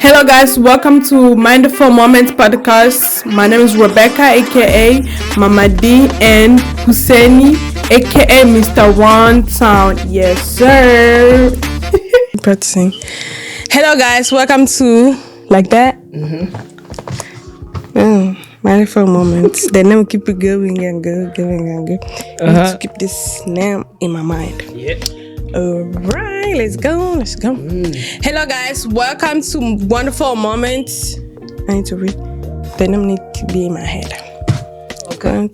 Hello, guys, welcome to Mindful Moments podcast. My name is Rebecca, aka Mama D, and Husseini, aka Mr. One Town. Yes, sir. Practicing. Hello, guys, welcome to like that. Mm-hmm. Mm. Mindful moments. the name keep going and going, going and going. Uh-huh. I need to keep this name in my mind. Yeah. All right, let's go. Let's go. Hello, guys. Welcome to Wonderful Moments. I need to read. The name need to be in my head. Okay.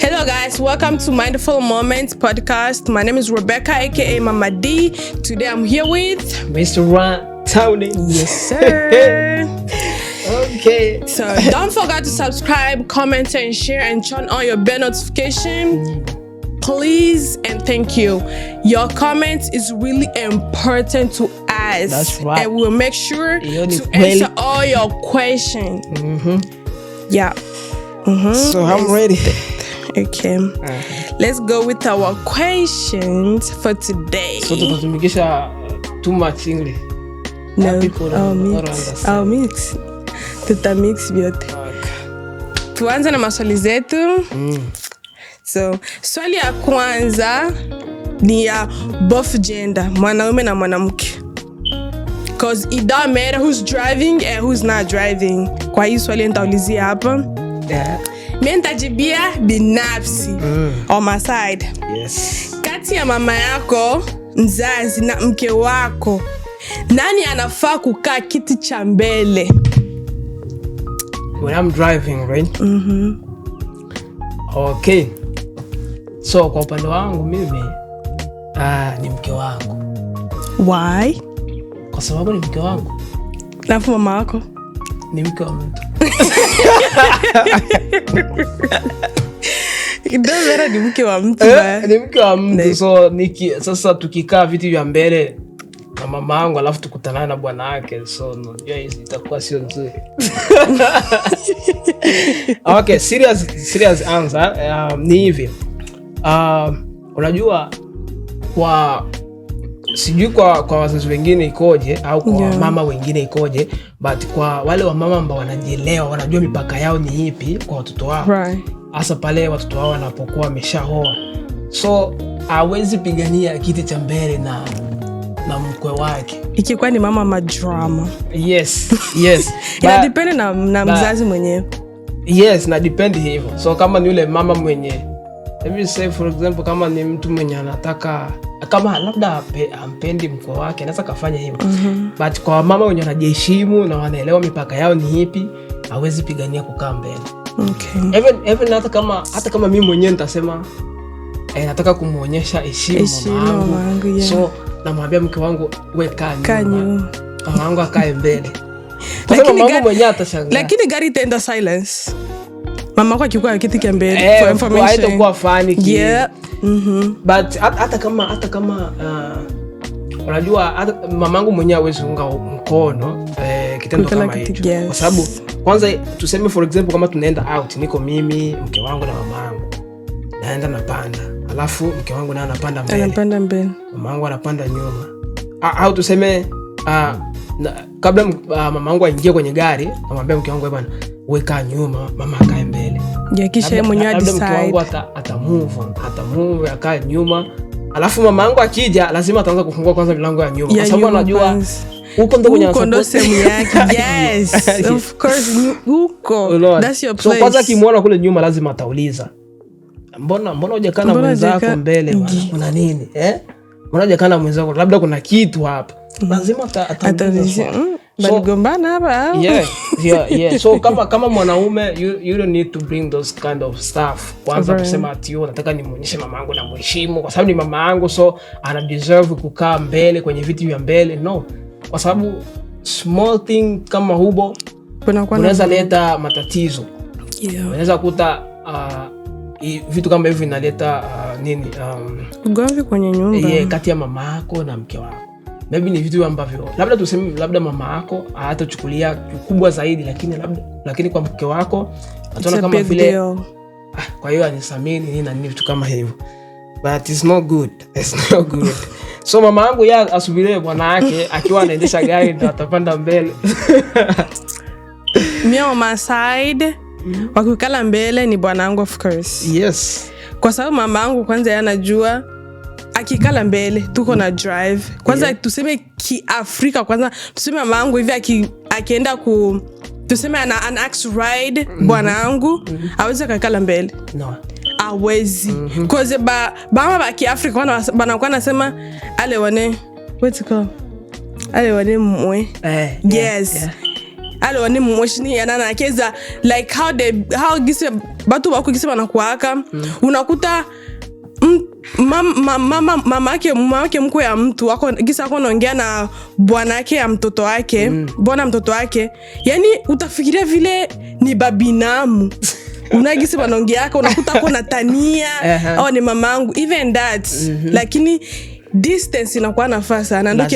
Hello, guys. Welcome to Mindful Moments podcast. My name is Rebecca, aka Mama D. Today, I'm here with Mr. Ron Tony. Yes, sir. okay so don't forget to subscribe comment and share and turn on your bell notification please and thank you. Your comment is really important to us. That's right. And we'll make sure to answer all your questions. Mm-hmm. Yeah. Mm-hmm. So I'm ready. Okay. Uh-huh. Let's go with our questions for today. So to uh, too much English. No. I'll mix. I'll mix. Tutamix vyote. Tuanze na maswali zetu. Mm. So swali ya kwanza ni ya both gender, mwanaume na mwanamke, cause it don't matter who's driving and who's not driving. Kwa hii swali nitaulizia hapa yeah. Mi nitajibia binafsi mm. on my side yes. Kati ya mama yako mzazi na mke wako nani anafaa kukaa kiti cha mbele? When I'm driving, right? mm-hmm. Okay. So kwa upande wangu mimi ah, ni mke wangu. Why? Kwa sababu ni mke wangu. Alafu mama wako ni mke wa mtu Dozera ni mke wa mtu eh, ni mke wa mtu so niki, sasa tukikaa viti vya mbele na mama yangu alafu tukutanana na bwana wake so najua hizi itakuwa sio nzuri. Okay, serious serious answer. Um, ni hivi Uh, unajua kwa sijui kwa, kwa wazazi wengine ikoje au kwa yeah, mama wengine ikoje, but kwa wale wamama ambao wanajielewa wanajua mipaka yao ni ipi kwa watoto wao hasa right, pale watoto wao wanapokuwa wameshaoa, so hawezi pigania kiti cha mbele na na mkwe wake ikikuwa ni mama madrama. Yes, yes. inadependi na, na mzazi mwenyewe. Yes, na dependi hivyo, so kama ni yule mama mwenye Hivi sasa for example, kama ni mtu mwenye anataka kama labda ampendi mko wake anaweza kafanya hivyo mm -hmm. But kwa mama wenye wanajiheshimu na wanaelewa mipaka yao ni ipi, hawezi pigania kukaa mbele okay. Even, even hata kama, hata kama mi mwenyewe nitasema eh, nataka kumwonyesha heshima mama wangu yeah. So namwambia mke wangu wewe kaa nyuma, mama wangu akae mbele, lakini gari itaenda silence mama yako akikuwa kiti mbele eh, for information haitakuwa fani ki yeah. mm -hmm. but hata kama hata kama uh, unajua mamangu mwenyewe hawezi unga mkono eh, kitendo Mkala kama hicho yes. kwa sababu kwanza tuseme for example kama tunaenda out niko mimi mke wangu na mamangu naenda napanda alafu mke wangu naye anapanda mbele anapanda mbele mamangu anapanda nyuma ah, au tuseme uh, na, kabla uh, mama wangu aingie kwenye gari, namwambia mke wangu bana weka nyuma, mama akae mbele, kisha mwenyewe decide. akae nyuma, alafu mama yangu akija, lazima ataanza kufungua kwanza milango ya nyuma, kwa sababu anajua huko ndo kwenye yake. Yes, of course, huko that's your place. So kwanza akimwona kule nyuma, lazima atauliza mbona mbona hujakaa na mwenzako mbele, kuna nini eh? unaja kanda mwenzako, labda kuna kitu hapa, mm. lazima mm, baligombana hapa. So kama kama mwanaume you, you don't need to bring those kind of stuff. Kwanza kusema ati nataka nimuonyeshe mama yangu na mheshimu kwa sababu ni mama yangu, so ana deserve kukaa mbele kwenye viti vya mbele no, kwa sababu small thing kama hubo unaweza leta matatizo yeah. Unaweza kuta uh, vitu kama hivi vinaleta uh, nini um, ugomvi kwenye nyumba yeah, kati ya mama yako na mke wako maybe ni vitu ambavyo labda tuseme labda mama yako hatachukulia kubwa zaidi, lakini labda, lakini kwa mke wako atona kama vile ah, kwa hiyo anisamini nini na nini vitu kama hivyo, but it's not good, it's not good so mama yangu ya asubirie bwana yake akiwa anaendesha gari ndo atapanda mbele mio my mm -hmm. wakikala mbele ni bwana yangu of course yes kwa sababu mama yangu kwanza ye anajua akikala mbele tuko na drive kwanza yeah. Tuseme kiafrika kwanza, tuseme mama yangu hivi akienda ku tuseme ana, an ax ride mm -hmm. Bwana angu mm -hmm. awezi akakala mbele no. Awezi mm -hmm. koze ba, bama ba kiafrika banakuwa nasema ale wane wetiko ale wane mwe eh, yes yeah, yeah. ale wane mwe shini yanana akeza like how they, how gise batu bakukisi banakuaka mm. unakuta mama, mama, mama ake mkuu ya mtu wako, gisa ako naongea na bwana ake ya mtoto wake mm. bwana mtoto wake, yani utafikiria vile ni babinamu unagisi wanaongeaka, unakuta ako natania uh-huh. Oh, au ni mamangu even that mm-hmm. lakini distance inakuwa nafaa sana, ndo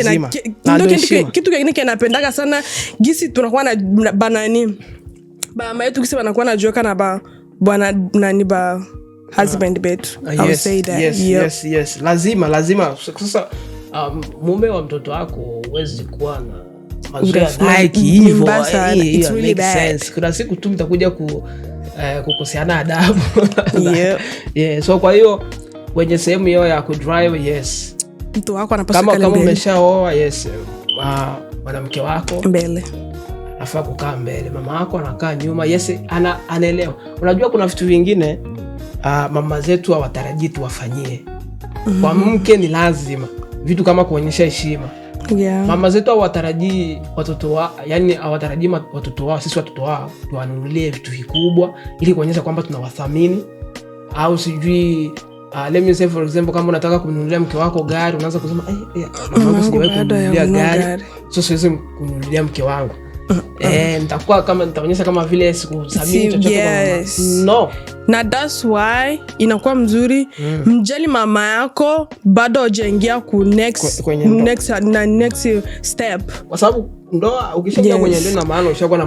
kitu kengine kenapendaga sana gisi tunakuwa na banani bamama yetu gisi wanakuwa najueka na ba bwana nani ba husband uh, bet uh, yes, say that. Yes, yep. yes, yes. lazima lazima sasa um, mume wa mtoto wako uwezi kuwa na eh, kuna siku tu mtakuja ku, uh, kukoseana adabu so kwa hiyo wenye sehemu hiyo ya kudrive yes kama, umeshaoa yes ah, mwanamke wako mbele nafaa kukaa mbele, mama yako anakaa nyuma. Yes, ana, anaelewa. Unajua kuna vitu vingine uh, mama zetu hawatarajii tuwafanyie. Mhm. Kwa mke ni lazima vitu kama kuonyesha heshima Yeah. Mama zetu hawatarajii watoto wa, yani hawatarajii watoto wao sisi watoto wao tuwanunulie vitu vikubwa ili kuonyesha kwamba tunawathamini au sijui uh, let me say for example, kama unataka kumnunulia mke wako gari unaanza kusema eh, eh, mama mm-hmm. sijawahi kumnunulia gari, so siwezi kumnunulia mke wangu Eh, nitakuwa kama nitaonyesha kama vile na that's why inakuwa mzuri mm. Mjali mama yako bado ajaingia ku next kwenye step kwa sababu ndoa ukishaingia yes. kwenye ndoa na maana ushakuwa na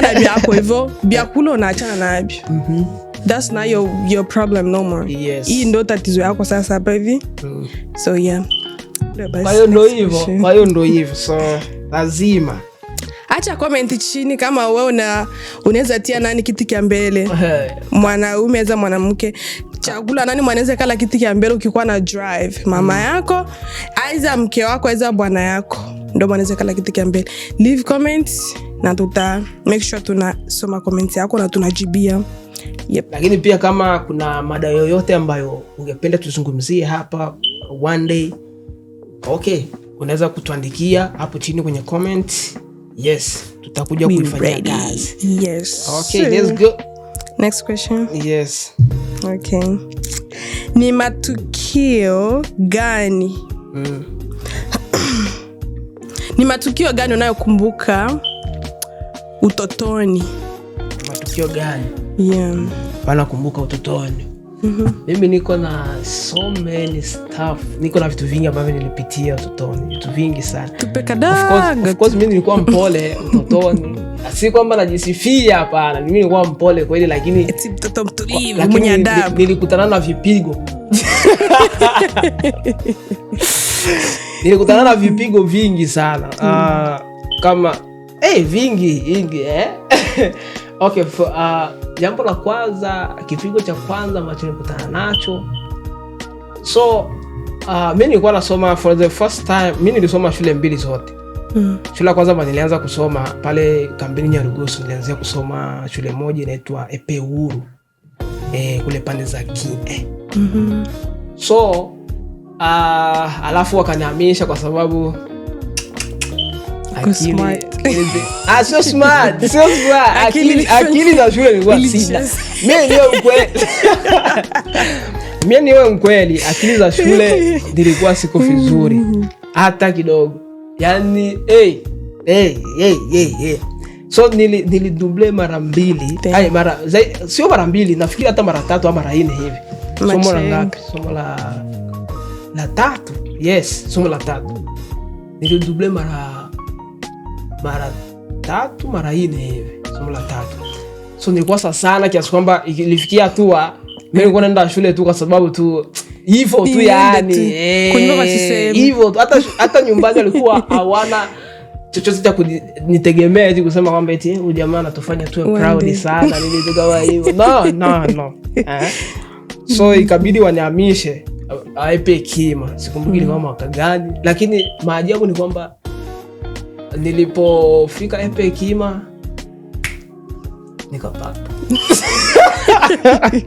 na vyako hivyo vyakula unaachana navyo mhm. That's not your, your problem no more. Yes. ndo tatizo yako sasa hapa hivi mm. So yeah, kwa hiyo ndo hivyo, kwa hiyo ndo hivyo, so lazima acha comment chini kama we una unaweza tia nani kiti kya mbele mwanaume aza mwanamke chagula nani mwanaweza kala kiti kya mbele ukikuwa na drive mama mm. yako aiza mke wako aiza bwana yako ndo mwanaweza kala kiti kya mbele leave comments na tuta make sure tunasoma comments yako na tunajibia Yep. Lakini pia kama kuna mada yoyote ambayo ungependa tuzungumzie hapa one day, okay, unaweza kutuandikia hapo chini kwenye comment yes tutakuja kuifanyia kazi yes. okay, let's go. Next question. Yes. Okay. Ni matukio gani mm. ni matukio gani unayokumbuka utotoni? Matukio gani? Yeah. wanakumbuka utotoni Mm-hmm. Mimi niko na so many stuff, niko na vitu vingi ambavyo nilipitia utotoni, vitu vingi sana. Tupe kadanga. Of course mimi nilikuwa mpole utotoni, si kwamba najisifia, hapana. Mimi nilikuwa mpole kweli, lakini mtoto mtulivu mwenye adabu, nilikutana na vipigo nilikutana na vipigo vingi sana Uh, kama hey, eh, vingi vingi eh? Okay, uh, jambo uh, la kwanza, kipigo cha kwanza ambacho nilikutana nacho so uh, mi nilikuwa nasoma for the first time, mi nilisoma shule mbili zote mm. Shule ya kwanza nilianza kusoma pale kambini Nyarugusu, nilianzia kusoma shule moja inaitwa Epe Uhuru e, kule pande za Kie eh. mm -hmm. so uh, alafu wakanihamisha kwa sababu akili ah, sio smart, Akili, za shule nilikuwa niwe mkweli, akili za shule nilikuwa siko vizuri hata kidogo, yani hey, hey, hey, hey, hey. So nili, mara mbili, mara sio mara mbili, nafikiri hata mara tatu au mara nne hivi. Somo la ngapi? Somo la la tatu. Yes, somo la tatu niliduble mara mara tatu mara nne hivi, somo la tatu. So nilikosa sana kiasi kwamba ilifikia hatua mimi nilikuwa naenda shule tu kwa sababu tu hivyo tu, yani hivyo tu. Hata hata nyumbani alikuwa hawana chochote cha kunitegemea eti kusema kwamba eti eh, ujamaa jamaa anatufanya tuwe proud sana nini tu kama hivyo, no no no eh? So ikabidi wanihamishe aepe kima, sikumbuki ni kama mm. mwaka gani, lakini maajabu ni kwamba nilipofika Epe Kima nikapata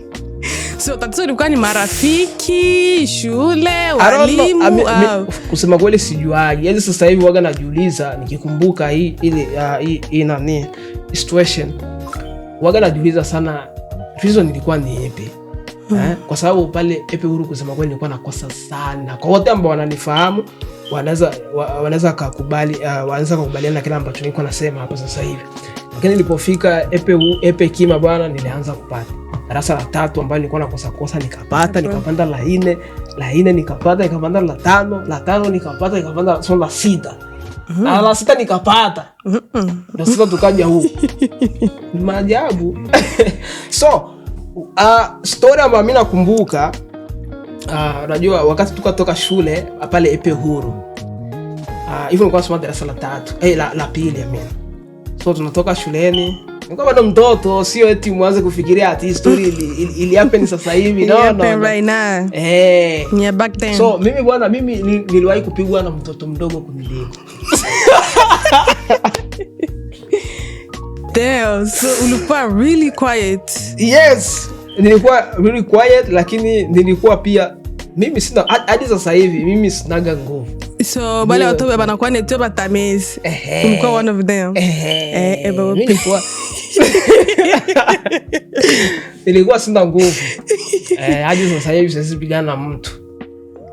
So, tatizo ilikuwa ni marafiki, shule, walimu uh, kusema kweli sijuaji, yani sasa hivi waga najiuliza nikikumbuka hii uh, nani situation waga najiuliza sana tizo nilikuwa ni epe Hmm. Eh, kwa sababu pale Epe huru kusema kweli nilikuwa nakosa sana kwa wote ambao wananifahamu wanaweza wanaweza kukubali uh, wanaweza kukubaliana na kile ambacho niko nasema hapo sasa hivi. Lakini nilipofika epe epe kima bwana, nilianza kupata darasa la tatu ambayo nilikuwa nakosa kosa, nikapata nikapanda la nne la nne nikapata nikapanda la tano la tano nikapata nikapanda so la sita mm -hmm. la sita nikapata mm na sita tukaja huu maajabu so uh, stori ambayo mi nakumbuka Ah, unajua uh, wakati tukatoka shule pale epe huru ah, hivo uh, nilikuwa darasa la tatu hey, eh, la, la pili I So tunatoka shuleni nikuwa bado mtoto, sio eti mwanze kufikiria ati story ili, ili, ili sasa hivi no, no, no. Right now. Hey. Eh. Yeah, So mimi bwana, mimi niliwahi kupigwa na mtoto mdogo kuniliko Damn, so ulikuwa really quiet. Yes nilikuwa really quiet, lakini nilikuwa pia mimi sina hadi sasa hivi mimi sinaga nguvu so bale watu banakuwa neto batamezi ulikuwa one of them eh eh nilikuwa sina nguvu eh, hadi sasa hivi sasa pigana na mtu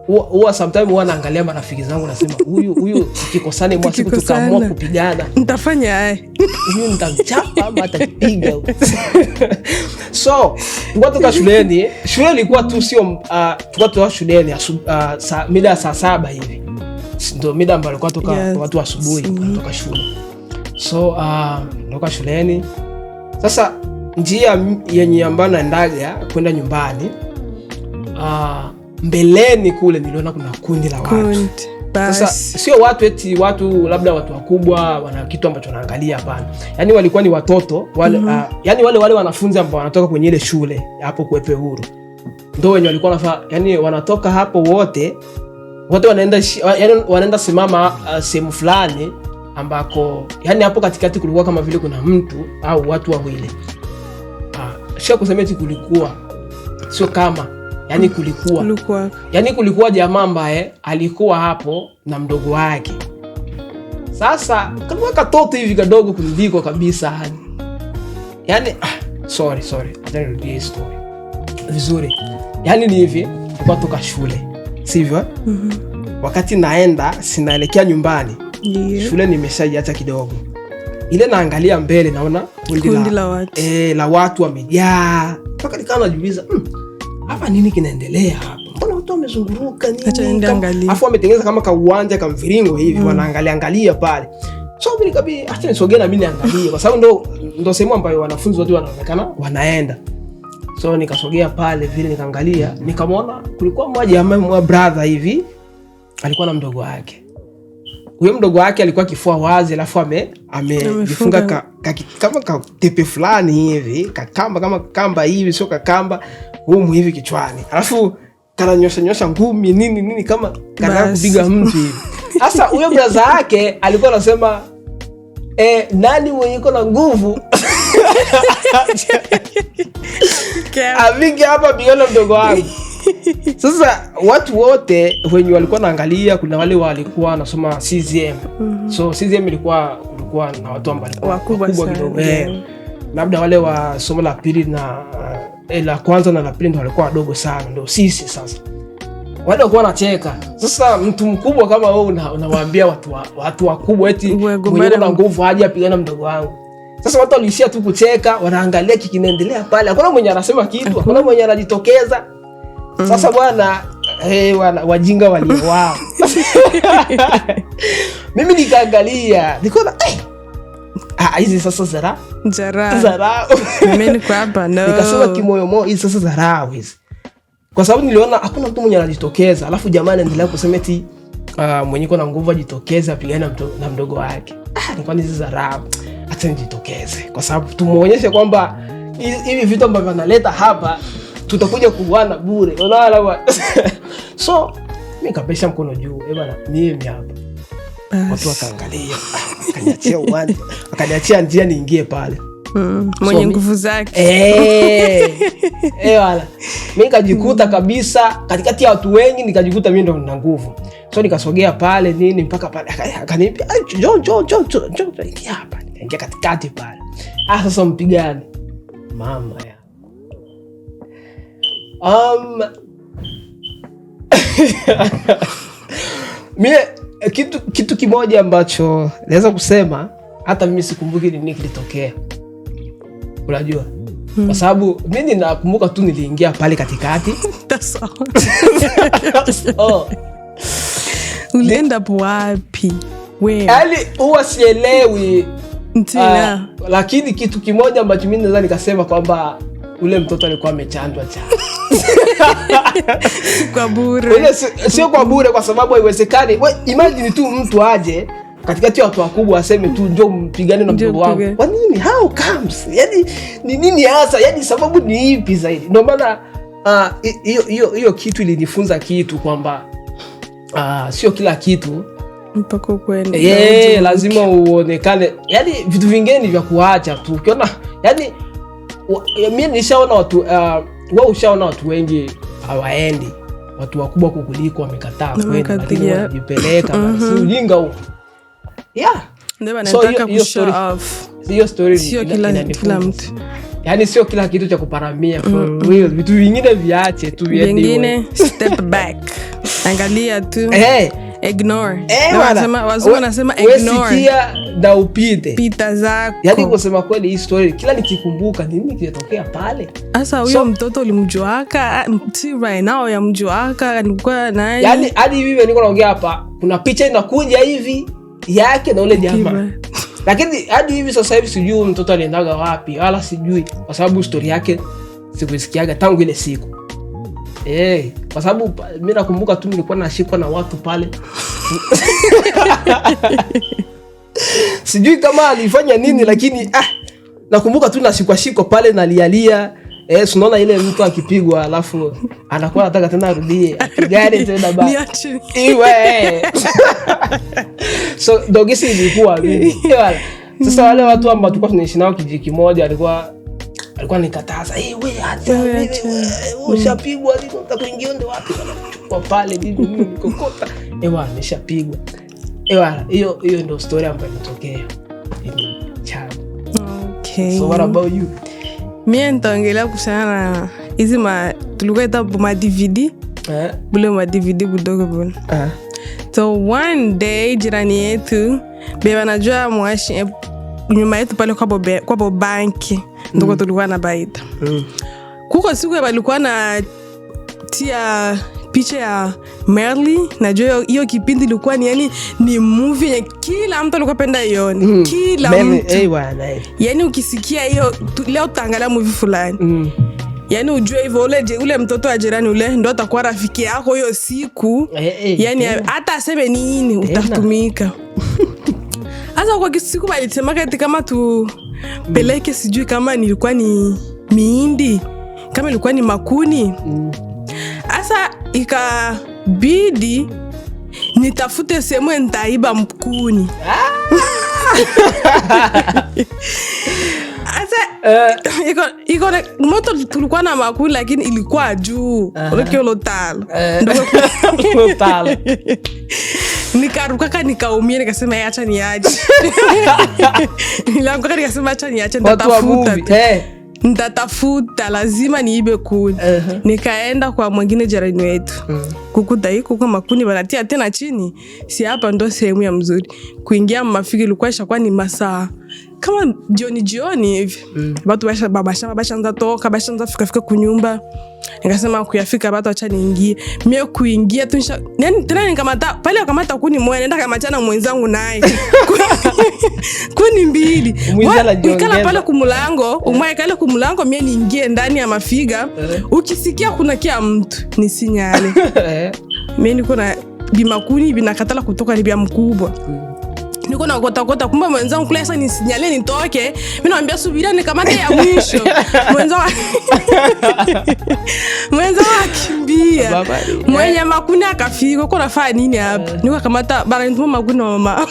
huwa sometimes huwa naangalia marafiki zangu nasema, huyu huyu tukikosane mwa siku tukaamua kupigana, ntafanya ae huyu ntamchapa ama atakipiga. So tukatoka shuleni, shule ilikuwa tu sio uh, tukatoka shuleni uh, sa, mida ya saa saba hivi ndo mida ambayo likuwa toka yes. watu asubuhi kutoka shule so uh, toka shuleni sasa njia yenye ambayo naendaga kwenda nyumbani uh, mbeleni kule niliona kuna kundi la watu. Sasa sio watu eti watu labda watu wakubwa wana kitu ambacho wanaangalia, hapana. Yani walikuwa ni watoto wale, mm -hmm. uh, ah, yani wale wale wanafunzi ambao wanatoka kwenye ile shule hapo kuepe huru ndo wenye walikuwa nafa, yani wanatoka hapo wote wote wanaenda, yani wanaenda simama uh, sehemu fulani ambako yani hapo katikati kulikuwa kama vile kuna mtu au watu wawili. Uh, sio kusema eti kulikuwa sio kama yani kulikuwa, kulikuwa. Yani kulikuwa jamaa ambaye alikuwa hapo na mdogo wake. Sasa kama katoto hivi kadogo kuliko kabisa hani. Yani ah, sorry sorry, acha nirudie story vizuri. Yani ni hivi, tulikuwa toka shule, sivyo? Eh? mm -hmm. Wakati naenda sinaelekea nyumbani yeah. Shule nimeshaiacha kidogo ile naangalia mbele naona kundi la watu, e, la watu wamejaa mpaka nikawa najiuliza mm, hapa nini kinaendelea hapa? Mbona watu wamezunguka nini? Afu wametengeneza kama kauwanja kamviringo hivi mm. wanaangalia angalia pale so nikabidi acha nisogee na mimi niangalie, kwa sababu ndo ndo sehemu ambayo wanafunzi wote wanaonekana wanaenda. So nikasogea pale vile nikaangalia, nikamwona kulikuwa mmoja ambaye mwa brother hivi alikuwa na mdogo wake huyo mdogo wake alikuwa kifua wazi, alafu amejifunga ka, ka, kama katepe fulani hivi kakamba kama kamba hivi, sio kakamba humu hivi kichwani, alafu kananyoshanyosha ngumi nini nini kama kanaa kupiga mtu hivi. Sasa huyo braza yake alikuwa anasema e, nani mwenye iko na nguvu apige hapa bigana mdogo wangu sasa watu wote wenye walikuwa naangalia, kuna wale walikuwa nasoma CCM. Mm -hmm. So CCM ilikuwa kulikuwa na watu ambao wakubwa kidogo, eh. labda wale wa somo la pili na eh, la kwanza na la pili ndo walikuwa wadogo sana, ndo sisi sasa wale wakuwa nacheka. Sasa mtu mkubwa kama wewe unawaambia watu, wa, watu wakubwa eti mwenyewe na nguvu aje apigana mdogo wangu. Sasa watu waliishia tu kucheka, wanaangalia kikinaendelea pale, hakuna mwenye anasema kitu, hakuna mwenye anajitokeza. Sasa bwana hey, eh, wajinga waliowao mimi nikaangalia nikaona eh, ah, hizi sasa zarau nikasema hizi sasa zarau hizi, kwa sababu niliona hakuna mtu mwenye anajitokeza, alafu jamaa anaendelea kusema ti uh, ah, mwenye iko na nguvu ajitokeze apigane na mdogo wake. Ah, nikaona hizi zarau, hata nijitokeze, kwa sababu tumwonyeshe kwamba hivi vitu ambavyo analeta hapa tutakuja kuuana bure, unaona bwana. So mi kapesha mkono juu, eh bwana, niemi hapa. Watu wakaangalia, akaniachia uwanja, akaniachia njia niingie pale Mm, mwenye so, nguvu zake e, e, wala mi nikajikuta kabisa katikati ya watu wengi, nikajikuta mi ndo na nguvu, so nikasogea pale nini mpaka pale akaniambia njoo njoo njoo njoo, ingia hapa. Nikaingia katikati pale, ah, sasa mpigane mama Um, mie kitu, kitu kimoja ambacho naweza kusema hata mimi sikumbuki ni nini kilitokea, unajua hmm. Kwa sababu mi ninakumbuka tu niliingia pale katikati oh. Ulienda wapi Yani huwa sielewi uh, lakini kitu kimoja ambacho mi naweza nikasema kwamba ule mtoto alikuwa amechanjwa chanjo kwa bure, sio kwa bure, kwa sababu haiwezekani. Imagine tu mtu aje katikati ya watu wakubwa waseme tu njo mpigane na mdogo wangu kwa nini? How comes? Yani ni nini hasa? Yani sababu ni ipi zaidi? Ndio maana ah, hiyo uh, hiyo kitu ilinifunza kitu kwamba uh, sio kila kitu mpaka kwenda yeah, lazima uonekane. Yani vitu vingine vya kuacha tu ukiona yani mi nishaona watu uh, wa ushaona watu wengi hawaendi, watu wakubwa kukuliko wamekataa kwenda, lakini wanajipeleka. Mm-hmm. Si ujinga huo yeah. sio kila kitu cha kuparamia mm. vitu vingine viache tu, angalia tu hey. Eh, ignore. Eh, na upite. Pita yaani kusema kweli hii story kila nikikumbuka nini kilitokea pale. hasa huyo so, mtoto ulimjuaka ah, si right ya mjuaka nilikuwa naye. Yaani hadi hivi niko naongea hapa kuna picha inakuja hivi yake na ule jamaa. Lakini hadi hivi sasa hivi sijui mtoto aliendaga wapi wala sijui kwa sababu stori yake sikuisikiaga tangu ile siku. Eh, kwa sababu mi nakumbuka tu nilikuwa nashikwa na watu pale sijui kama alifanya nini, lakini ah, nakumbuka tu nashikwashikwa pale nalialia. Eh, ile mtu akipigwa alafu anakuwa nataka tena arudie apigane tena ba iwe so dogisi ilikuwa sasa, wale watu ambao tulikuwa tunaishi nao kijiji kimoja alikuwa alikuwa nikataa sasa, eh wewe, acha mm. ushapigwa hizo, utakuingia ndo wapi? Kwa pale bibi mimi nikokota, ewa eh, ameshapigwa, ewa eh, hiyo hiyo ndo story ambayo ilitokea. Okay, so what about you? Mimi nitaongelea kuhusiana na hizi ma tulikuwa ita ma DVD eh? bule ma DVD budogo bwana So one day jirani yetu beba, najua mwashi nyuma yetu pale kwa banki. kwa bobanki ndoko mm. tulikuwa na baita mm. kuko siku balikuwa na tia picha ya Merly. Najua hiyo kipindi ilikuwa ni yani, ni movie enye kila mtu alikuwa penda ione mm. kila Merly, mtu hey, eh, wana, hey. Eh. Yani ukisikia hiyo leo tutaangalia movie fulani mm. Yani ujue hivo ule, ule mtoto wa jirani ule ndo atakuwa rafiki yako hiyo siku hey, eh, hey, yani hata aseme nini utatumika hasa kwa kisiku balisemaka eti kama tu peleke sijui kama nilikuwa ni miindi kama ilikuwa ni makuni hasa mm. ikabidi nitafute sehemu entaiba mkuni hasa ah! uh, moto tulikuwa na makuni lakini ilikuwa juu uh -huh. okeolotalo uh nikarukaka nikaumia, eh, nikasema acha niache. Nilanguka nikasema acha niache, nitatafuta eh. ntatafuta lazima niibe kuni. uh -huh. Nikaenda kwa mwingine jirani wetu mm. -huh. kukuta iko kwa makuni banatia tena chini, si hapa ndo sehemu ya mzuri kuingia mafiki, ilikuwa ishakuwa ni masaa kama jioni jioni hivi mm. batu bashamba bashanza toka bashanza fikafika kunyumba nikasema kuyafika bato acha niingie mie kuingia tu yani tena nikamata pale wakamata kuni moja naenda kamachana mwenzangu naye kuni mbili ikala pale kumulango eh. umwae kale kumulango mie niingie ndani ya mafiga eh. ukisikia kuna kia mtu ni sinyale eh. mie niko na bimakuni binakatala kutoka libya mkubwa mm niko na kota kota, kumbe mwenzangu kule sasa nisinyalie nitoke. Mimi subira ni nikamate ya mwisho, mwenzangu mwenzangu akimbia, eh. mwenye makuni akafika. Uko nafanya nini hapa? Eh. Niko kamata bara nituma makuni mama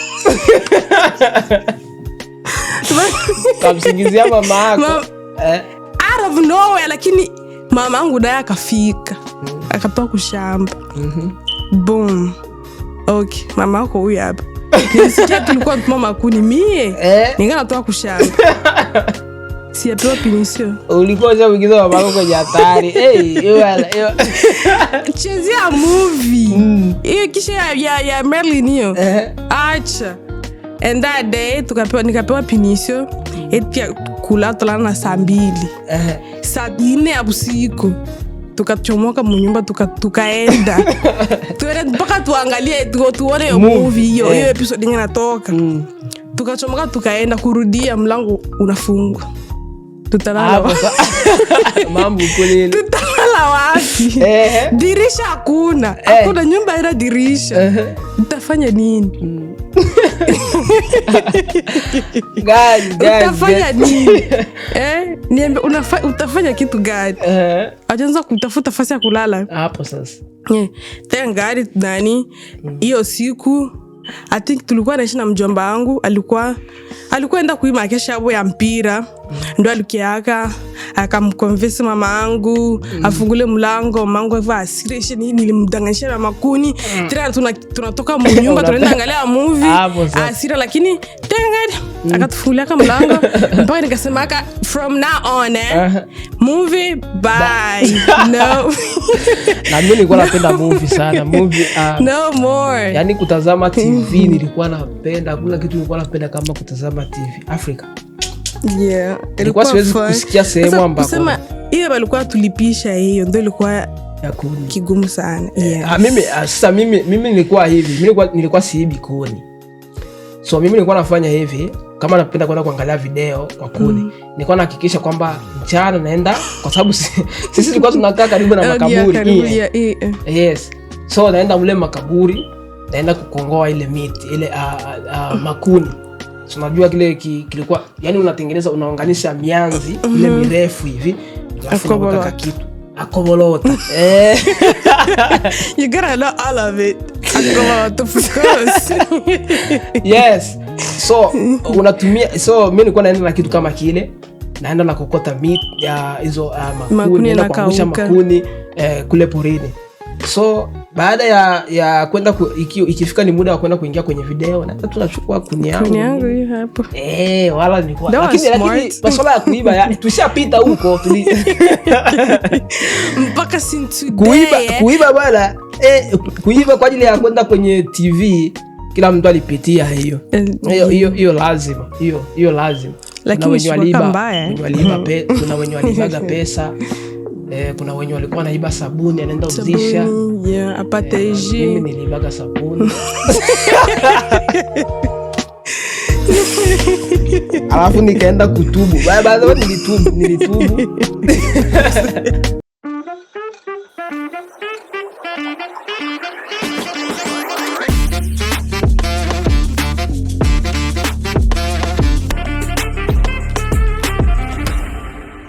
kamsingizia mama yako eh. out of nowhere, lakini mama angu naye akafika mm. akatoa kushamba. mm -hmm. Boom, ok mama yako huyu hapa nilisikia tulikuwa tuma makuni mie eh? Ningana kushanga siapewa pinisio ulikuwa ushaingiza mamako kwenye hatari chezea muvi mm. hiyo kisha ya, ya, ya Merlin hiyo eh? acha and that day tukapewa nikapewa pinisio etia kula na saa mbili eh? saa nne ya usiku tukachomoka munyumba tukaenda tuka tuende mpaka tuangalie tuone yo hiyo hiyo eh. episode natoka mm. tukachomoka tukaenda kurudia mlango unafungwa tutalala wasi wapi dirisha hakuna eh. hakuna nyumba ina dirisha ntafanya nini mm utafanya nini eh? utafanya kitu gari uh -huh. kutafuta fasi ya kulala hapo eh, Tena gari nani mm. hiyo mm. siku I think tulikuwa naishi na mjomba wangu, alikuwa alikuwa enda kuima kesha abo ya mpira ndo alikiaka akamkonvinsi mama angu mm. afungule mlango mamangu avo asirishi nini nilimdanganisha na makuni mm. tena tunatoka tuna munyumba tunaenda angalia muvi ah, asira lakini tenga mm. akatufunguliaka mlango mpaka nikasemaka from now on eh, muvi uh-huh. by movie no na nilikuwa napenda muvi sana muvi uh, ah. no more yani kutazama tv mm. nilikuwa napenda kula kitu nilikuwa napenda kama kutazama tv africa yeah, ilikuwa siwezi kusikia sehemu ambako hiyo walikuwa tulipisha, hiyo ndo ilikuwa kigumu sana. Eh, ah, ah, mimi nilikuwa hivi, nilikuwa siibi kuni, so mimi nilikuwa nafanya hivi kama napenda kwenda kuangalia video kwa kuni mm. Nilikuwa nahakikisha kwamba mchana naenda, kwa sababu sisi tulikuwa tunakaa karibu na oh, makaburi eh. Eh, Yes, so naenda mle makaburi, naenda kukongoa ile miti ile uh, uh, makuni so unajua kile ki, kilikuwa yani unatengeneza unaunganisha mianzi mm -hmm. ile mhm. mirefu hivi akobolota kitu akobolota eh. you gotta know all of it akobolota of course yes so unatumia so mi nilikuwa naenda na kitu kama kile naenda na kokota hizo uh, makuni, na kuangusha makuni eh, kule porini so baada ya ya kwenda ku, iki, ikifika ni muda wa kwenda kuingia kwenye video na tunachukua kuni yangu hii hapo eh, wala ni kwa lakini lakini masuala ya kuiba ya tushapita huko tuli mpaka sintu kuiba kuiba bwana eh, kuiba kwa ajili ya kwenda kwenye TV kila mtu alipitia hiyo hiyo hiyo hiyo lazima hiyo hiyo lazima, lakini wenye waliiba wenye waliiba pe, pesa eh, kuna wenye walikuwa naiba sabuni, anaenda uzisha yeah, eh, apate eh, nilibaga sabuni alafu nikaenda kutubu, nilitubu nilitubu